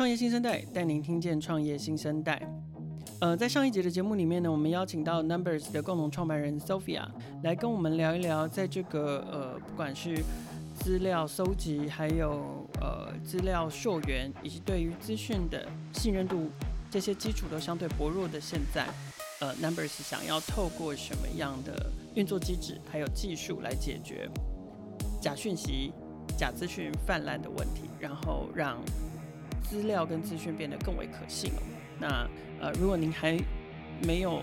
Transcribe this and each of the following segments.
創業新生代帶您聽見創業新生代。呃，在上一節的節目裡面呢，我們邀請到 Numbers 的共同創辦人 Sophia 來跟我們聊一聊，在這個呃，不管是資料蒐集，還有呃資料溯源，以及對於資訊的信任度這些基礎都相對薄弱的現在，呃，Numbers 想要透過什麼樣的運作機制，還有技術來解決假訊息、假資訊氾濫的問題，然後讓。資料跟資訊變得更為可信哦。那呃，如果您還沒有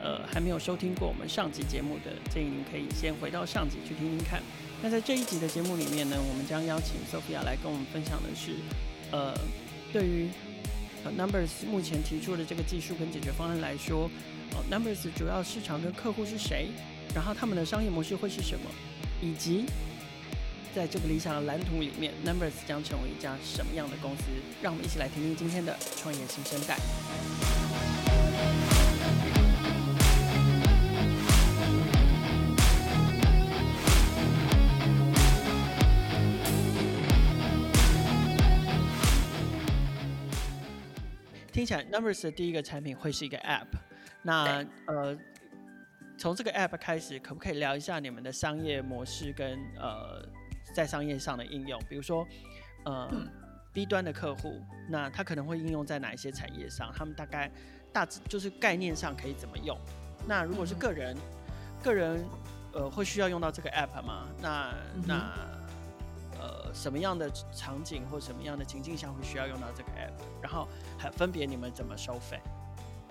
呃還沒有收聽過我們上集節目的，建議您可以先回到上集去聽聽看。那在這一集的節目裡面呢，我們將邀請 Sophia 來跟我們分享的是，呃，對於 Numbers 目前提出的這個技術跟解決方案來說，呃，Numbers 主要市場跟客戶是誰，然後他們的商業模式會是什麼，以及。在這個理想的藍圖裡面，Numbers 將成為一家什麼樣的公司？讓我們一起來聽聽今天的創業新生代。聽起來 Numbers 的第一個產品會是一個 App，那呃，從這個 App 開始，可不可以聊一下你們的商業模式跟呃？在商業上的應用，比如說，呃，B 端的客戶，那他可能會應用在哪一些產業上？他們大概大致就是概念上可以怎麼用？那如果是個人，嗯、個人，呃，會需要用到這個 app 嗎？那、嗯、那呃什麼樣的場景或什麼樣的情境下會需要用到這個 app？然後還分別你們怎麼收費？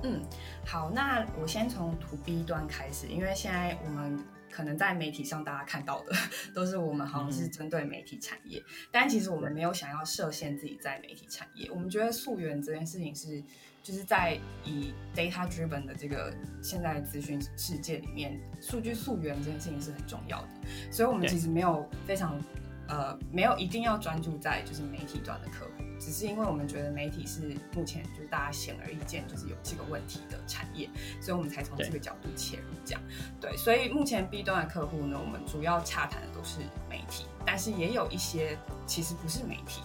嗯，好，那我先從 To B 端開始，因為現在我們。可能在媒體上大家看到的都是我們好像是針對媒體產業，嗯，但其實我們沒有想要設限自己在媒體產業。我們覺得溯源這件事情是，就是在以 data driven 的這個現在資訊世界裡面，數據溯源這件事情是很重要的。所以我們其實沒有非常，okay. 呃，沒有一定要專注在就是媒體端的客戶。只是因為我們覺得媒體是目前就是大家顯而易見就是有這個問題的產業，所以我們才從這個角度切入講。對，所以目前 B 端的客戶呢，我們主要洽談的都是媒體，但是也有一些其實不是媒體。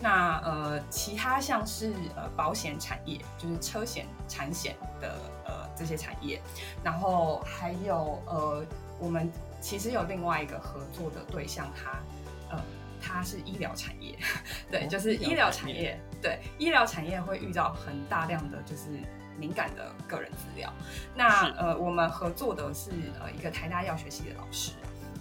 那呃，其他像是呃保險產業，就是車險、產險的呃這些產業，然後還有呃我們其實有另外一個合作的對象哈。它是醫療產業，哦、 對，就是醫療產，產業，對，醫療產業會遇到很大量的就是敏感的個人資料。那呃，我們合作的是呃一個台大藥學系的老師，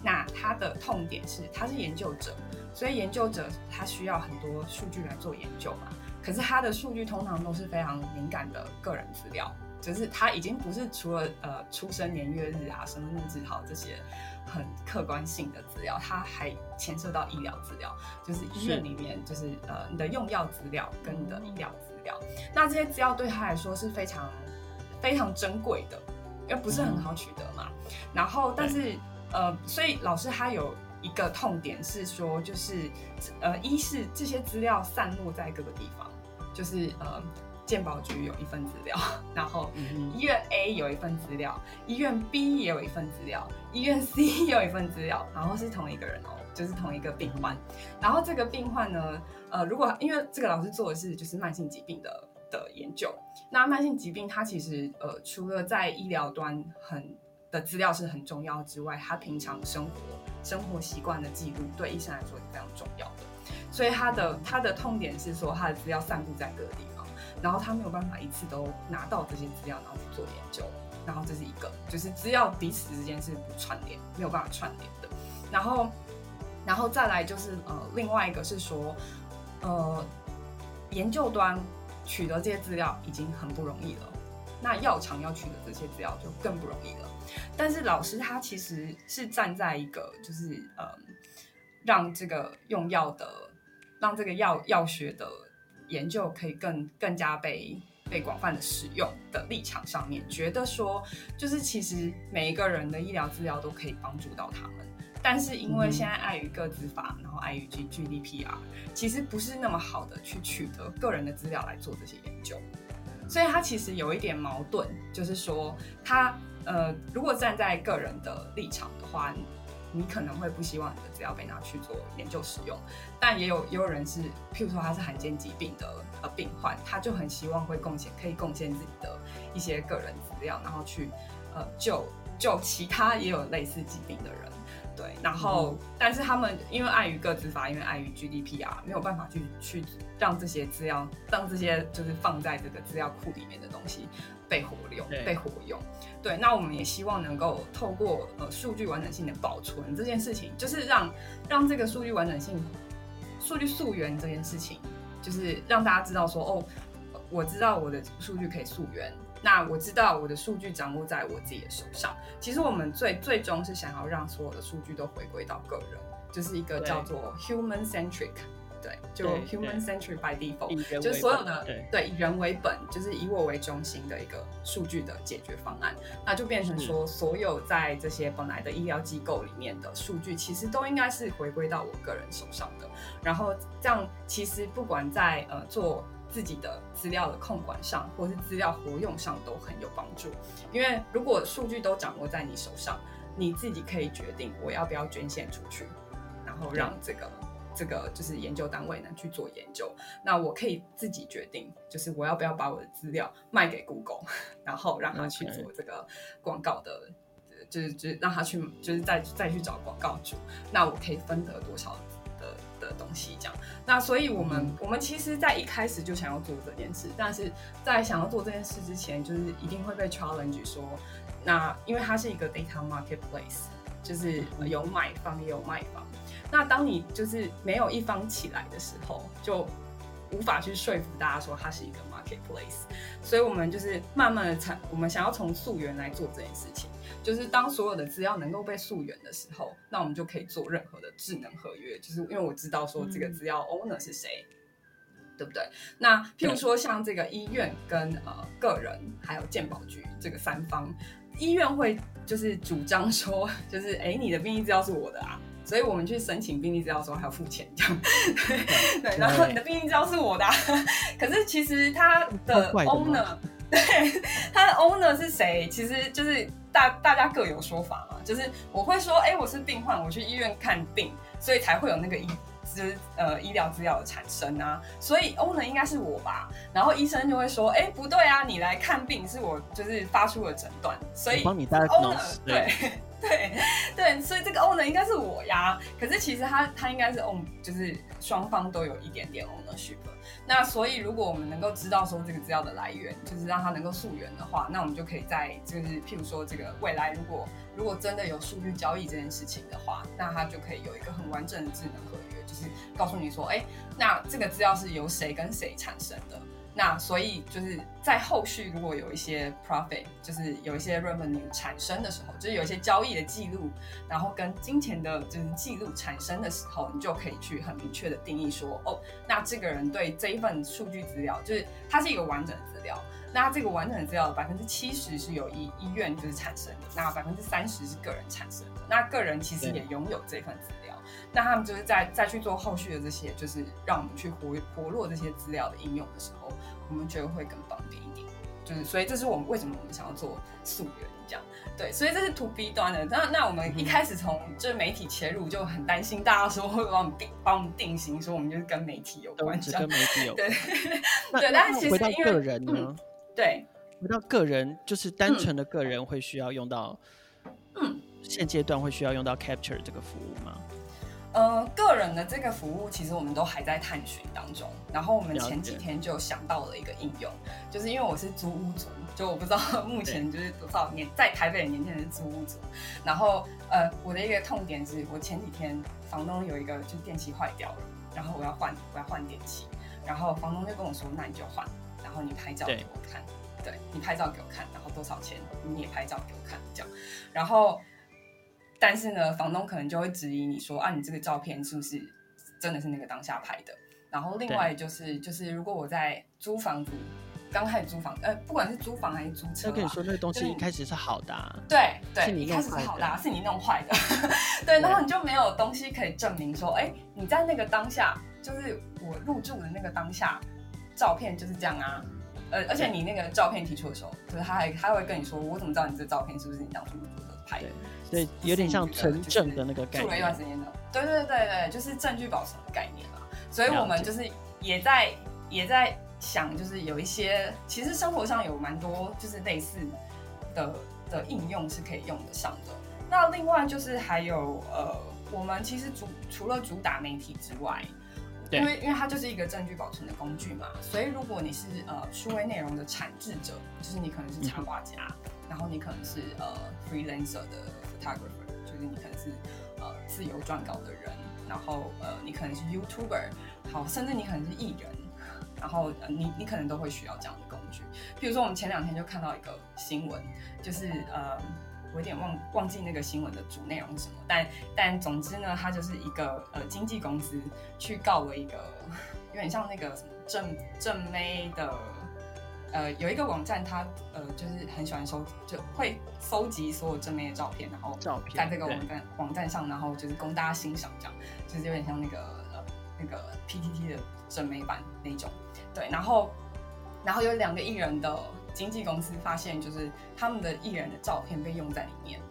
那他的痛點是他是研究者，所以研究者他需要很多數據來做研究嘛，可是他的數據通常都是非常敏感的個人資料。就是他已經不是除了呃出生年月日啊、身份證字號這些很客觀性的資料，他還牽涉到醫療資料，就是醫院裡面就是、嗯、呃你的用藥資料跟你的醫療資料，嗯、那這些資料對他來說是非常非常珍貴的，又不是很好取得嘛。嗯、然後但是、嗯、呃，所以老師他有一個痛點是說，就是呃一是這些資料散落在各個地方，就是呃。健保局有一份資料，然後醫院 A 有一份資料，醫院 B 也有一份資料，醫院 C 也有一份資料，然後是同一個人哦，就是同一個病患。然後這個病患呢，呃，如果因為這個老師做的是就是慢性疾病的的研究，那慢性疾病它其實呃除了在醫療端很的資料是很重要之外，他平常生活生活習慣的記錄對醫生來說是非常重要的。所以他的他的痛點是說他的資料散佈在各地。然後他沒有辦法一次都拿到這些資料，然後去做研究。然後這是一個，就是資料彼此之間是不串聯，沒有辦法串聯的。然後，然後再來就是呃，另外一個是說，呃，研究端取得這些資料已經很不容易了，那藥廠要取得這些資料就更不容易了。但是老師他其實是站在一個就是呃，讓這個用藥的，讓這個藥藥學的。研究可以更更加被被廣泛的使用的立場上面，覺得說就是其實每一個人的醫療資料都可以幫助到他們，但是因為現在礙於個資法，然後礙於 G GDPR，其實不是那麼好的去取得個人的資料來做這些研究，所以他其實有一點矛盾，就是說他呃如果站在個人的立場的話，你可能會不希望你的資料被拿去做研究使用，但也有也有人是，譬如說他是罕見疾病的呃病患，他就很希望會貢獻可以貢獻自己的一些個人資料，然後去呃救救其他也有類似疾病的人。然後，但是他們因為礙於個資法，因為礙於 GDPR，啊，沒有辦法去去讓這些資料，讓這些就是放在這個資料庫裡面的東西被活用，被活用。對，那我們也希望能夠透過呃數據完整性的保存這件事情，就是讓讓這個數據完整性、數據溯源這件事情，就是讓大家知道說，哦，我知道我的數據可以溯源。那我知道我的數據掌握在我自己的手上。其實我們最最終是想要讓所有的數據都回歸到個人，就是一個叫做 human centric，對，對就 human centric by default，就所有的對以人為本，就是以我為中心的一個數據的解決方案。那就變成說，所有在這些本來的醫療機構裡面的數據，其實都應該是回歸到我個人手上的。然後這樣，其實不管在呃做。自己的資料的控管上，或是資料活用上都很有幫助。因為如果數據都掌握在你手上，你自己可以決定我要不要捐獻出去，然後讓這個這個就是研究單位呢去做研究。那我可以自己決定，就是我要不要把我的資料賣給 Google，然後讓他去做這個廣告的，就是就是讓他去就是再再去找廣告主，那我可以分得多少？的東西，這樣。那所以我們我們其實，在一開始就想要做這件事，但是在想要做這件事之前，就是一定會被 challenge 說，那因為它是一個 data marketplace，就是有買方也有賣方。那當你就是沒有一方起來的時候，就無法去說服大家說它是一個 marketplace。所以我們就是慢慢的產，我們想要從溯源來做這件事情。就是當所有的資料能夠被溯源的時候，那我們就可以做任何的智能合約。就是因為我知道說這個資料 owner 是誰、嗯，對不對？那譬如說像這個醫院跟呃個人還有健保局這個三方，醫院會就是主張說，就是哎、欸，你的病歷資料是我的啊，所以我們去申請病歷資料的時候還要付錢這樣。嗯、 對，然後你的病歷資料是我的，啊，可是其實他的 owner 的。 對，他的 owner 是誰？其實就是大大家各有說法嘛。就是我會說，哎，我是病患，我去醫院看病，所以才會有那個醫資、就是、呃醫療資料的產生啊。所以 owner 應該是我吧？然後醫生就會說，哎，不對啊，你來看病是我就是發出的診斷，所以 owner 對。對對，所以這個 owner 應該是我呀。可是其實他他應該是 own，就是雙方都有一點點 ownership。那所以如果我們能夠知道說這個資料的來源，就是讓它能夠溯源的話，那我們就可以在就是譬如說這個未來如果如果真的有數據交易這件事情的話，那它就可以有一個很完整的智能合約，就是告訴你說，哎，那這個資料是由誰跟誰產生的。那所以就是在後續如果有一些 profit，就是有一些 revenue 產生的時候，就是有一些交易的記錄，然後跟金錢的就是記錄產生的時候，你就可以去很明確的定義說，哦，那這個人對這一份數據資料，就是它是一個完整資料，那這個完整資料百分之七十是由醫醫院就是產生的，那百分之三十是個人產生的，那個人其實也擁有這份資料。嗯那他們就是在再，再去做後續的這些，就是讓我們去活活絡這些資料的應用的時候，我們覺得會更方便一點。就是所以這是我們為什麼我們想要做溯源這樣。對，所以這是 To B 端的。那那我們一開始從、嗯、就是媒體切入就很擔心，大家說會不會幫我們定幫我們定型，說我們就是跟媒體有關係。只跟媒體有關。對。那 對那，但其實因為那回到個人呢？嗯、對，回到個人就是單純的個人會需要用到，嗯嗯、現階段會需要用到 Capture 這個服務嗎？呃，個人的這個服務其實我們都還在探尋當中。然後我們前幾天就想到了一個應用，就是因為我是租屋族，就我不知道目前就是多少年，在台北的年輕人是租屋族。然後呃，我的一個痛點是我前幾天房東有一個就是電器壞掉了，然後我要換我要換電器，然後房東就跟我說，那你就換，然後你拍照給我看，對，對你拍照給我看，然後多少錢？你也拍照給我看這樣，然後。但是呢，房東可能就會質疑你說啊，你這個照片是不是真的是那個當下拍的？然後另外就是就是，如果我在租房子剛開始租房，呃，不管是租房還是租車，我跟你說那個東西一開始是好的，對對，一開始是好的、啊，是你弄壞的，的啊、的 對，然後你就沒有東西可以證明說，哎、欸，你在那個當下，就是我入住的那個當下，照片就是這樣啊。呃、而且你那個照片提出的時候，就是他還他還會跟你說，我怎麼知道你這照片是不是你當初的？對，所以有點像存證的那個概念，住了一段時間的。對對對對，就是證據保存的概念嘛。所以我們就是也在也在想，就是有一些其實生活上有蠻多就是類似的的應用是可以用得上的。那另外就是還有呃，我們其實主除了主打媒體之外，因為因為它就是一個證據保存的工具嘛，所以如果你是呃數位內容的產制者，就是你可能是插畫家。嗯然後你可能是呃、uh, freelancer 的 photographer，就是你可能是呃、uh, 自由撰稿的人，然後呃、uh, 你可能是 YouTuber，好，甚至你可能是藝人，然後、uh, 你你可能都會需要這樣的工具。比如說我們前兩天就看到一個新聞，就是呃、uh, 我有點忘忘記那個新聞的主內容是什麼，但但總之呢，它就是一個呃經紀公司去告了一個有點像那個什麼正正妹的。呃，有一個網站他，他呃就是很喜歡收集，就會搜集所有正妹的照片，然後在這個網站網站上，然後就是供大家欣賞，這樣就是有點像那個呃那個 PTT 的正妹版那種。對，然後然後有兩個藝人的經紀公司發現，就是他們的藝人的照片被用在裡面。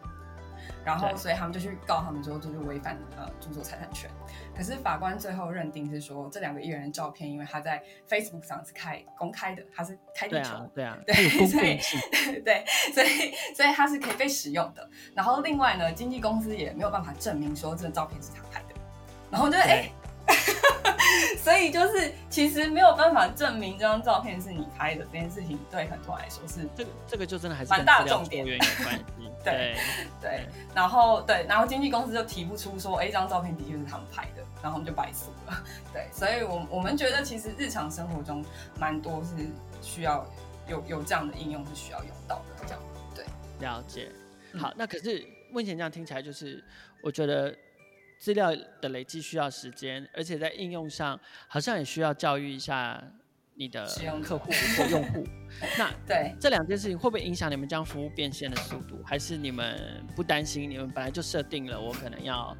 然後，所以他們就去告他們，之後就是違反了呃著作財產權。可是法官最後認定是說，這兩個藝人的照片，因為他在 Facebook 上是開公開的，他是開地球，對啊，對啊，對，所以，對所以，所以，所以他是可以被使用的。然後另外呢，經紀公司也沒有辦法證明說這個照片是他拍的。然後就誒。哎。欸 所以就是，其實沒有辦法證明這張照片是你拍的這件事情，對很多人來說是這個這個就真的還是蠻大的重點。 對對，對，然後對，然後經紀公司就提不出說，哎、欸，這張照片的確是他們拍的，然後我們就敗訴了。對，所以我我們覺得其實日常生活中蠻多是需要有有這樣的應用是需要用到的，這樣，對。了解。好，那可是目前這樣聽起來，就是我覺得。資料的累積需要時間，而且在應用上好像也需要教育一下你的客戶或用戶。用 那對這兩件事情會不會影響你們將服務變現的速度？還是你們不擔心？你們本來就設定了我可能要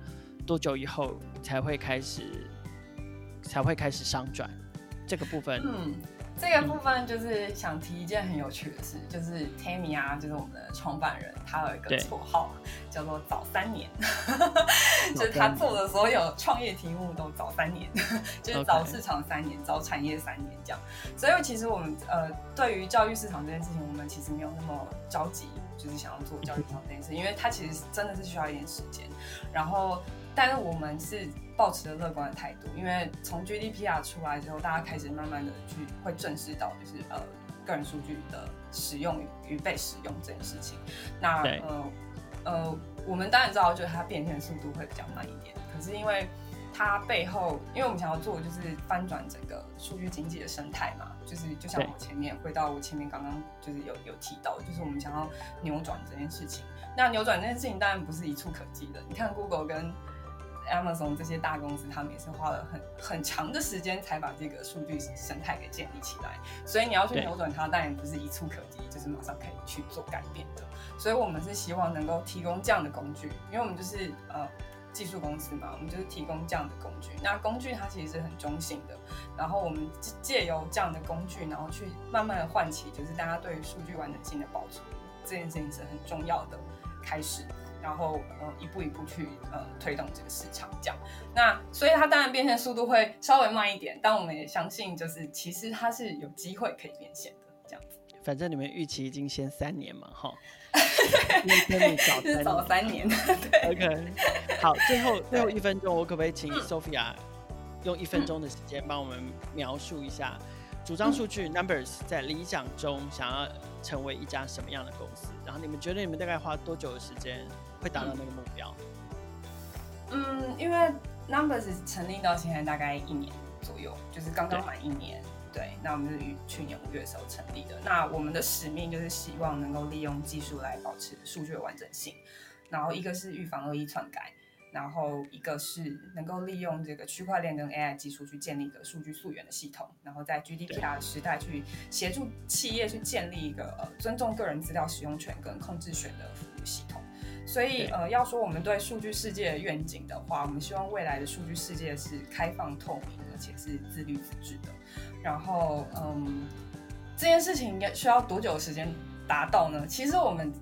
多久以後才會開始才會開始商轉這個部分？嗯這個部分就是想提一件很有趣的事，就是 Tammy 啊，就是我們的創辦人，他有一個綽號叫做“早三年”， 就是他做的所有創業題目都早三年， 就是早市場三年，Okay. 早產業三年這樣。所以其實我們呃，對於教育市場這件事情，我們其實沒有那麼着急，就是想要做教育市場這件事，因為他其實真的是需要一點時間。然後，但是我們是。抱持了樂觀的態度，因為從 GDPR 出來之後，大家開始慢慢的去會正視到，就是呃個人數據的使用與被使用這件事情。那呃呃，我們當然知道，就是它變現的速度會比較慢一點。可是因為它背後，因為我們想要做就是翻轉整個數據經濟的生態嘛，就是就像我前面，回到我前面剛剛就是有有提到，就是我們想要扭轉這件事情。那扭轉這件事情當然不是一蹴可幾的。你看 Google 跟 Amazon 這些大公司，他們也是花了很很長的時間才把這個數據生態給建立起來，所以你要去扭轉它，但也不是一蹴可幾，就是馬上可以去做改變的。所以我們是希望能夠提供這樣的工具，因為我們就是呃技術公司嘛，我們就是提供這樣的工具。那工具它其實是很中性的，然後我們借由這樣的工具，然後去慢慢的喚起，就是大家對於數據完整性的保存這件事情是很重要的開始。然後，一步一步去，呃、嗯，推動這個市場這樣。那所以它當然變現速度會稍微慢一點，但我們也相信，就是其實它是有機會可以變現的這樣子。反正你們預期已經先三年嘛，哈。哈哈哈哈，早三早三年，對。 OK。好，最後最後一分鐘，我可不可以請 Sophia、嗯、用一分鐘的時間幫我們描述一下，嗯、主張數據 Numbers 在理想中想要成為一家什麼樣的公司？嗯、然後你們覺得你們大概花多久的時間？會達到那個目標。嗯，因為 Numbers 成立到現在大概一年左右，就是剛剛滿一年對。對，那我們是於去年五月的時候成立的。那我們的使命就是希望能夠利用技術來保持數據的完整性，然後一個是預防惡意篡改，然後一個是能夠利用這個區塊鏈跟 AI 技術去建立一個數據溯源的系統，然後在 GDPR 時代去協助企業去建立一個尊重個人資料使用權跟控制權的服務系統。所以，呃，要說我們對數據世界的願景的話，我們希望未來的數據世界是開放、透明，而且是自律自治的。然後，嗯，這件事情應該需要多久時間達到呢？其實我們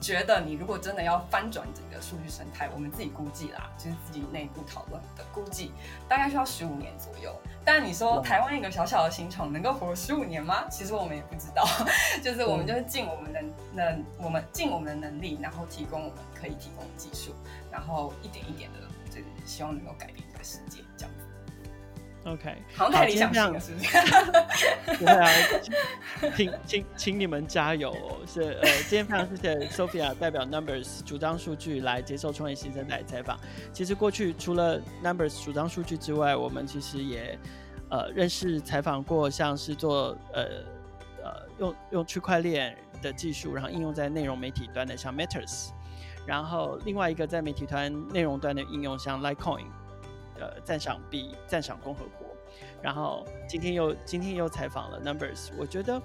覺得，你如果真的要翻轉這，數據生態，我們自己估計啦，就是自己內部討論的估計，大概需要十五年左右。但你說台灣一個小小的新創能夠活十五年嗎？其實我們也不知道。就是我們就是盡我們的能、能，我們盡我們的能力，然後提供我們可以提供的技術，然後一點一點的，就是希望能夠改變這個世界這樣子。OK，好，想是不是好，今天非常謝謝，對啊，請請請你們加油、哦！是呃，今天非常謝謝 Sophia 代表 Numbers 主張數據來接受創業新生代採訪。其實過去除了 Numbers 主張數據之外，我們其實也呃認識採訪過像是做呃呃用用區塊鏈的技術，然後應用在內容媒體端的像 Matters，然後另外一個在媒體端內容端的應用像 LikeCoin。呃，讚賞幣，讚賞共和國，然後今天又今天又採訪了 Numbers，我覺得，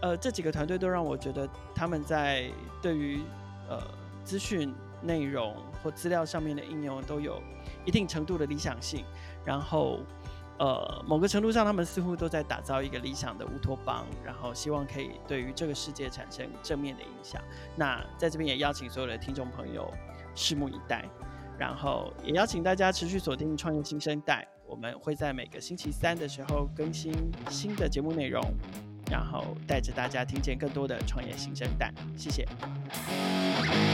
呃，這幾個團隊都讓我覺得他們在對於呃資訊內容或資料上面的應用都有一定程度的理想性，然後呃某個程度上他們似乎都在打造一個理想的烏托邦，然後希望可以對於這個世界產生正面的影響。那在這邊也邀請所有的聽眾朋友拭目以待。然後也邀請大家持續鎖定《創業新生代》，我們會在每個星期三的時候更新新的節目內容，然後帶着大家聽見更多的創業新生代。謝謝。